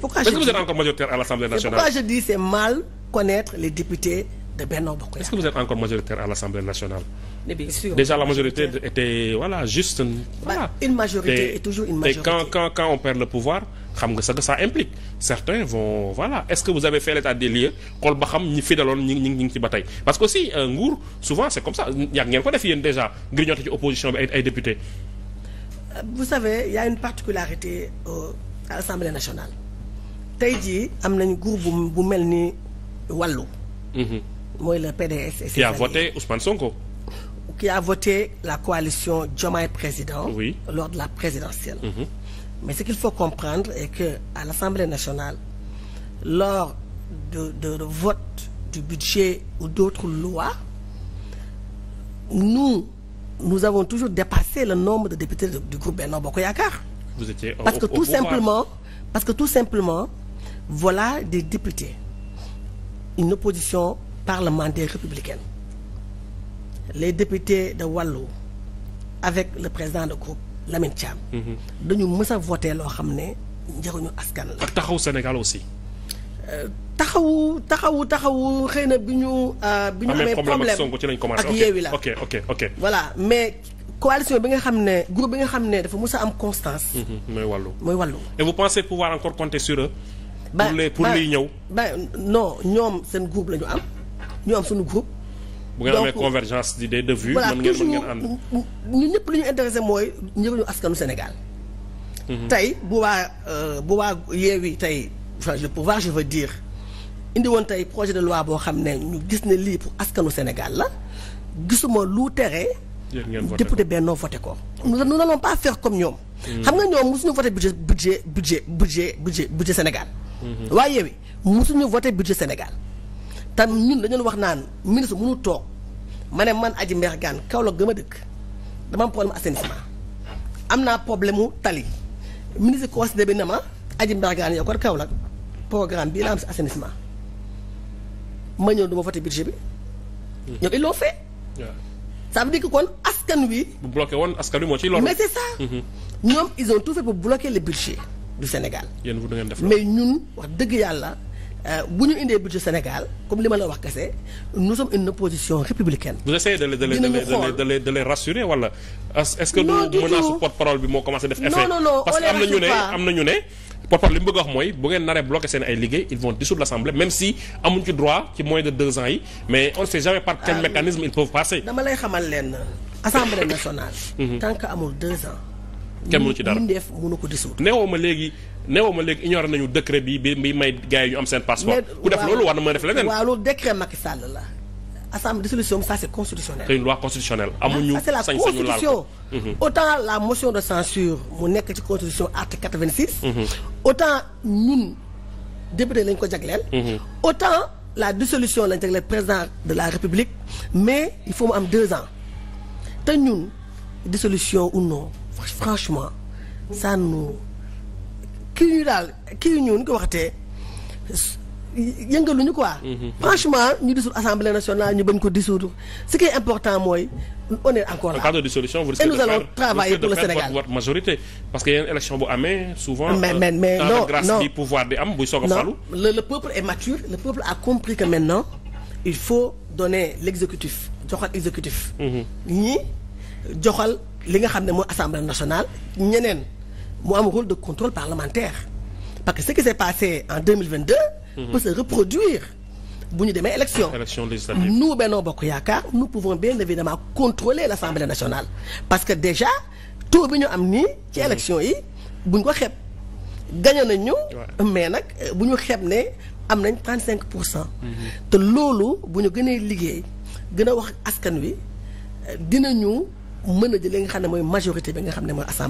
pourquoi je dis est-ce que vous êtes encore majoritaire à l'Assemblée nationale pourquoi je dis c'est mal députés de Benno Bokk Yaakaar que vous êtes encore majoritaire à l'Assemblée nationale. déjà la majorité était voilà juste. voilà une majorité est toujours une majorité. quand quand on perd le pouvoir xam nga ce que ça implique certains vont voilà est-ce que vous avez fait l'état des lieux xool ba xam ñi fidaloon ñi ngi ñi ci ba parce que aussi euh, nguur souvent c'est comme ça ko def yéen déjà grignoter ci opposition bi ay ay députés. Euh, vous savez il y a une particularité euh, à tey jii am nañu group bu bu mel ni wàllu mhm. mooy le PDS et qui a voté Ousmane Sonko qui a voté la coalition Diomaye président lors de la présidentielle mmh. mais ce qu'il faut comprendre est que à l'Assemblée nationale lors de, de, de vote du budget ou d'autres lois nous avons toujours dépassé le nombre de députés du groupe Benno Bokk Yaakaar. vous parce que tout simplement voilà des députés une opposition parlementaire républicaine les députés de wàllu avec le président de groupe Lamine Thiam. Mhm. dañu mës a voté loo xam ne njëriñu askan la. ak taxawu Sénégal aussi. Euh, taxawu taxawu taxawu xëy na bi ñu. Euh, bi ñu ah, amee problème ak yeewi la ok ok ok. voilà mais coalition bi nga xam ne groupe bi nga xam ne dafa mës a am constance. Mhm, mooy wàllu mooy wàllu. et vous pensez pouvoir encore compter sur pour les pour liy ñëw. non ñoom seen groupe lañu am ñoom am suñu groupe. bu ngeen amee convergence d'idées de vue. mën ngeen mën ngeen ñu ñëpp li ñu intéressé mooy njëriñu askanu Sénégal. Mhm. tey bu waa euh, bu waa Yewwi tey le pouvoir je veux dire indi woon tey projet de loi boo xam ne ñu gis ne lii pour askanu Sénégal la gisuma lu tere. député Benno voté ko. nous n'allons pas faire comme ñoom. Mhm. xam nga ñoom mosuñu voté budget budget budget budget budget budget Sénégal. Mhm. waa Yewwi mosuñu voté budget Sénégal tam ñun dañu wax naan ministre mënu toog ma ne man aji mbeex gaan Kaolack gëm a dëkk dama am problème assainissement am naa problème mu tali ministre considéré bi ne ma aji mbeex gaan yow kon Kaolack programme bii la am si assainissement ma ñëw du ma budget bi ñoom mhm. ils l'ont fait ça veut dire que kon askan wi bu bloqué woon askan wi moo ciy lor mais mhm. ñoom ils ont tout fait pour bloquer le budget du Sénégal. yéen da ngeen def mais ñun wax dëgg yàlla euh, bu ñu indee budget Sénégal comme li ma la wax kese nous sommes une opposition républicaine. vous essayez de les de les rassurer wala. est-ce que du parce que am na ñu ne porte-parole li mu bëgg a wax mooy bu ngeen naree bloqué seen ay liggéey ils vont dissoudre l'assemblée même si amuñ ci droit ci moins de deux ans yi mais on ne jamais par quel ah, mécanisme ils peuvent passer. dama lay xamal leen assemblée nationale. Mhm. kenn mënu ci dara neewoo ma léegi neewoo ma léegi ignoré nañu décret bi bi may gars ñu am seen passeport ku def loolu war na mën a def leneen waaw loolu décret Macky Sall la assemblée dissolution ça c'est constitutionnel une loi constitutionnelle ah, amuñu sañ-sañu laal ko mhm. autant la motion de censure mu nekk ci constitution article 86 mhm. autant ñun député lañ ko jagleel mhm. autant la dissolution lañ jagleel président de la république mais il faut mu am deux ans te franchement ça nous kii ñu daal yu ñu nu ko waxatee yëngaluñu quoi. Mhm. franchement ñu dissoudre assemblée nationale ñu bañ ko dissoudre ce qui est important mooy on est encore là. en cas de dissolution vous risquez de faire et nous allons travailler pour le Sénégal votre, votre majorité parce que yeneen élection bu amee. souvent mais mais euh, mais non non pouvoir di am a falu. le le peuple est mature le peuple a compris que maintenant il faut donner l'exécutif joxal exécutif. Mhm. ñii joxal. li nga xam ne mooy assemblée nationale ñeneen moo am rôle de contrôle parlementaire parce que ce qui s'est passé en 2022 mhm. peut se reproduire bu ñu demee élection élection législative nous Benno Bokk Yaakaar nous pouvons bien évidemment contrôler l'Assemblée nationale parce que déjà taux bi ñu am nii ci mhm. élection yi buñ ko xeeb gaño nañ ñu mais nag euh, bu ñu xeeb ne am nañ trente cinq pour cent mhm. te loolu bu ñu gënee liggéey gën a wax askan wi dina euh, dinañu mën a jël li nga xam ne mooy majorité bi nga xam ne mooy assemblée.